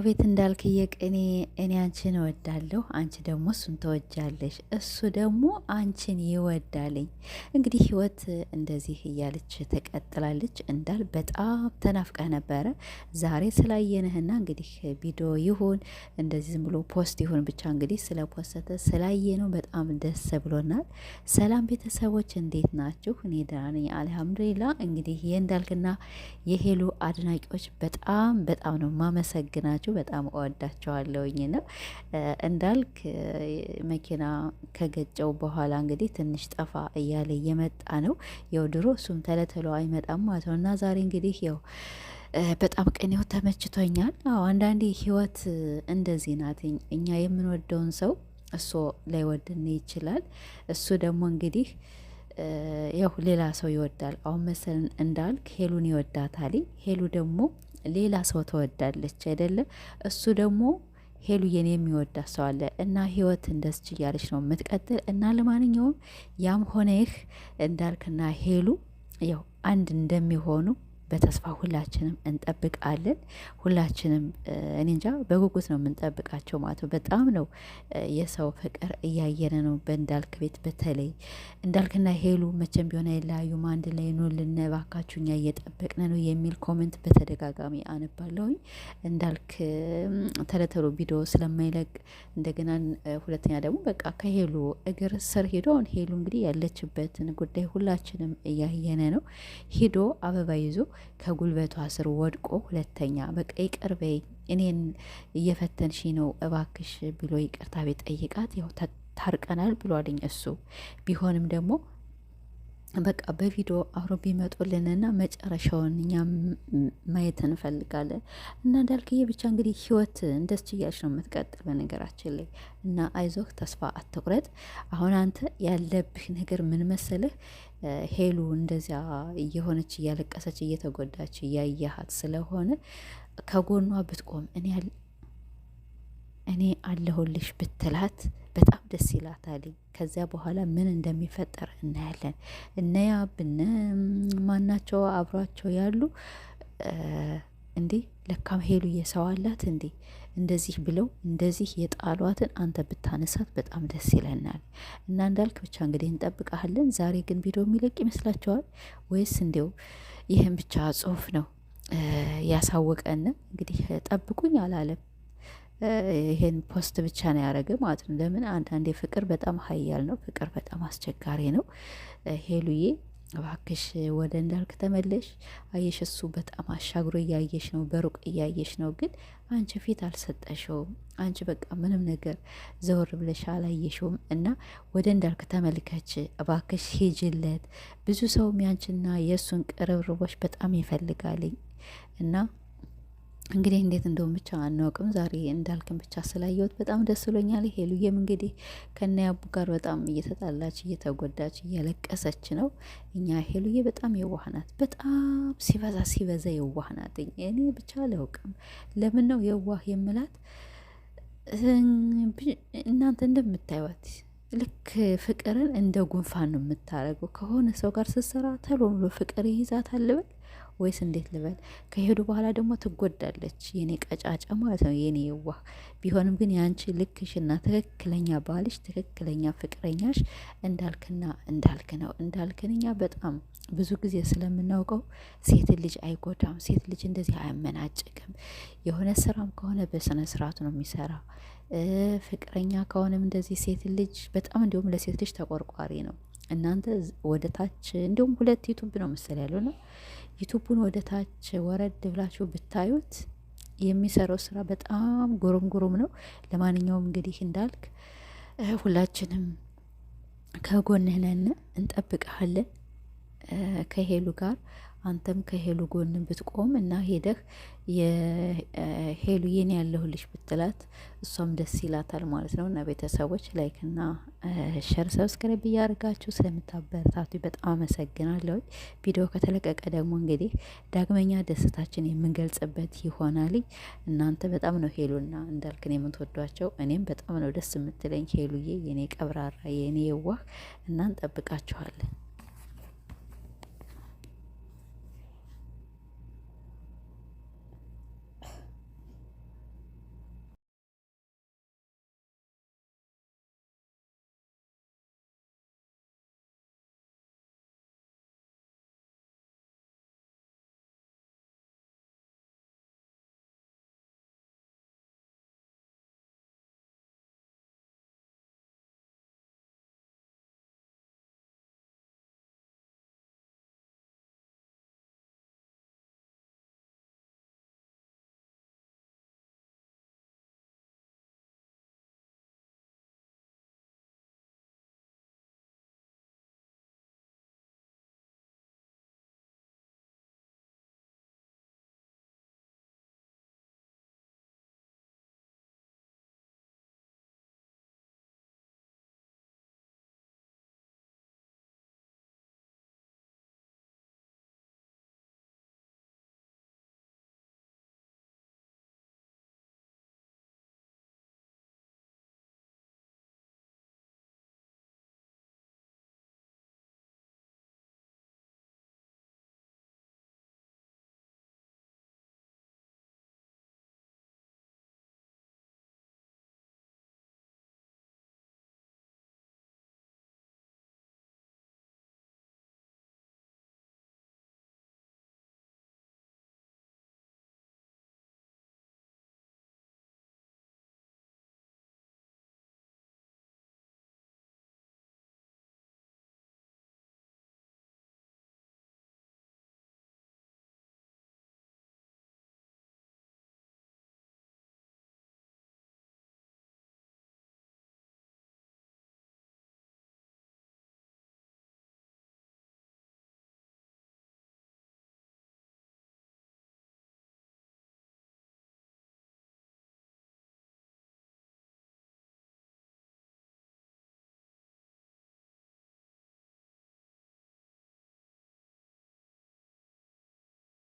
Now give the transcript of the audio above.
አቤት እንዳልክ የቅኔ እኔ አንቺን እወዳለሁ፣ አንቺ ደግሞ እሱን ተወጃለሽ፣ እሱ ደግሞ አንቺን ይወዳልኝ። እንግዲህ ህይወት እንደዚህ እያለች ተቀጥላለች። እንዳል በጣም ተናፍቃ ነበረ። ዛሬ ስላየንህና እንግዲህ ቪዲዮ ይሁን እንደዚህ ዝም ብሎ ፖስት ይሁን ብቻ እንግዲህ ስለ ፖስተ ስላየ ነው በጣም ደስ ብሎናል። ሰላም ቤተሰቦች እንዴት ናችሁ? እኔ ደህና ነኝ አልሐምዱሊላ። እንግዲህ የእንዳልክና የሄሉ አድናቂዎች በጣም በጣም ነው ማመሰግናቸው። ስለሆናችሁ በጣም እወዳቸዋለሁኝ ነው። እንዳልክ መኪና ከገጨው በኋላ እንግዲህ ትንሽ ጠፋ እያለ እየመጣ ነው። ያው ድሮ እሱም ተለተሎ አይመጣም ማለት ነው እና ዛሬ እንግዲህ ያው በጣም ቅኔው ተመችቶኛል። አዎ አንዳንዴ ህይወት እንደዚህ ናት። እኛ የምንወደውን ሰው እሱ ላይወድን ይችላል። እሱ ደግሞ እንግዲህ ያው ሌላ ሰው ይወዳል። አሁን መሰለን እንዳልክ ሄሉን ይወዳታል። ሄሉ ደግሞ ሌላ ሰው ተወዳለች አይደለ? እሱ ደግሞ ሄሉዬን የሚወዳ ሰው አለ እና ህይወት እንደስች እያለች ነው የምትቀጥል። እና ለማንኛውም ያም ሆነ ይህ እንዳልክና ሄሉ ያው አንድ እንደሚሆኑ በተስፋ ሁላችንም እንጠብቃለን። ሁላችንም እኔ እንጃ በጉጉት ነው የምንጠብቃቸው ማለት ነው። በጣም ነው የሰው ፍቅር እያየነ ነው በእንዳልክ ቤት። በተለይ እንዳልክና ሄሉ መቼም ቢሆን የለያዩም፣ አንድ ላይ ኑልን እባካችሁ፣ እኛ እየጠበቅን ነው የሚል ኮመንት በተደጋጋሚ አነባለሁኝ። እንዳልክ ተለተሎ ቪዲዮ ስለማይለቅ እንደገና ሁለተኛ ደግሞ በቃ ከሄሉ እግር ስር ሄዶ አሁን ሄሉ እንግዲህ ያለችበትን ጉዳይ ሁላችንም እያየነ ነው ሂዶ አበባ ይዞ ከጉልበቷ ስር ወድቆ ሁለተኛ በቃ ይቅር በይኝ እኔን እየፈተንሽ ነው እባክሽ ብሎ ይቅርታ ቤት ጠይቃት ያው ታርቀናል ብሏልኝ እሱ ቢሆንም ደግሞ በቃ በቪዲዮ አብሮ ቢመጡልንና መጨረሻውን እኛ ማየት እንፈልጋለን። እና እንዳልክዬ ብቻ እንግዲህ ህይወት እንደስ ችያች ነው የምትቀጥል በነገራችን ላይ እና አይዞህ፣ ተስፋ አትቁረጥ። አሁን አንተ ያለብህ ነገር ምን መሰልህ? ሄሉ እንደዚያ እየሆነች እያለቀሰች እየተጎዳች እያየሃት ስለሆነ ከጎኗ ብትቆም እኔ አለሁልሽ ብትላት በጣም ደስ ይላታል። ከዚያ በኋላ ምን እንደሚፈጠር እናያለን። እነ ያብ እነ ማናቸው አብሯቸው ያሉ እንዴ ለካም ሄሉ እየሰዋላት እንዴ እንደዚህ ብለው እንደዚህ የጣሏትን አንተ ብታነሳት በጣም ደስ ይለናል። እና እንዳልክ ብቻ እንግዲህ እንጠብቃለን። ዛሬ ግን ቪዲዮ የሚለቅ ይመስላችኋል ወይስ እንዲው ይህን ብቻ ጽሁፍ ነው ያሳወቀን? እንግዲህ ጠብቁኝ አላለም። ይሄን ፖስት ብቻ ነው ያደረገ ማለት ነው። ለምን አንዳንዴ ፍቅር በጣም ሀያል ነው። ፍቅር በጣም አስቸጋሪ ነው። ሄሉዬ እባክሽ ወደ እንዳልክ ተመለሽ። አየሽ፣ እሱ በጣም አሻግሮ እያየሽ ነው፣ በሩቅ እያየሽ ነው። ግን አንቺ ፊት አልሰጠሽውም። አንቺ በቃ ምንም ነገር ዘወር ብለሽ አላየሽውም። እና ወደ እንዳልክ ተመልከች እባክሽ፣ ሂጅለት። ብዙ ሰውም ያንቺና የእሱን ቅርርቦች በጣም ይፈልጋልኝ እና እንግዲህ እንዴት እንደውም ብቻ አናውቅም። ዛሬ እንዳልክን ብቻ ስላየሁት በጣም ደስ ብሎኛል። ሄሉዬም እንግዲህ ከነ ያቡ ጋር በጣም እየተጣላች እየተጎዳች እየለቀሰች ነው። እኛ ሄሉዬ በጣም የዋህ ናት። በጣም ሲበዛ ሲበዛ የዋህ ናት። እኔ ብቻ አላውቅም ለምን ነው የዋህ የምላት። እናንተ እንደምታዩት ልክ ፍቅርን እንደ ጉንፋን ነው የምታደርገው። ከሆነ ሰው ጋር ስትሰራ ተሎ ብሎ ፍቅር ይይዛታል ልበል ወይስ እንዴት ልበል? ከሄዱ በኋላ ደግሞ ትጎዳለች። የኔ ቀጫጫ ማለት ነው የኔ የዋ ቢሆንም ግን የአንቺ ልክሽና ትክክለኛ ባልሽ ትክክለኛ ፍቅረኛሽ እንዳልክና እንዳልክ ነው። እንዳልክን እኛ በጣም ብዙ ጊዜ ስለምናውቀው ሴት ልጅ አይጎዳም። ሴት ልጅ እንደዚህ አያመናጭቅም። የሆነ ስራም ከሆነ በስነ ስርዓቱ ነው የሚሰራ። ፍቅረኛ ከሆነም እንደዚህ ሴት ልጅ በጣም እንዲሁም ለሴት ልጅ ተቆርቋሪ ነው። እናንተ ወደ ታች እንዲሁም ሁለት ዩቱብ ነው መሰል ነው ዩቱቡን ወደ ታች ወረድ ብላችሁ ብታዩት የሚሰራው ስራ በጣም ጉሩም ጉሩም ነው። ለማንኛውም እንግዲህ እንዳልክ ሁላችንም ከጎንህ ነን፣ እንጠብቀሃለን ከሄሉ ጋር አንተም ከሄሉ ጎን ብትቆም እና ሄደህ የሄሉ የኔ ያለሁልሽ ብትላት እሷም ደስ ይላታል ማለት ነው። እና ቤተሰቦች ላይክና ሸር ሰብስክራይብ እያደርጋችሁ ስለምታበረታቱ በጣም አመሰግናለሁ። ቪዲዮ ከተለቀቀ ደግሞ እንግዲህ ዳግመኛ ደስታችን የምንገልጽበት ይሆናል። እናንተ በጣም ነው ሄሉና እንዳልክን የምትወዷቸው፣ እኔም በጣም ነው ደስ የምትለኝ ሄሉዬ የኔ ቀብራራ የኔ የዋህ እናን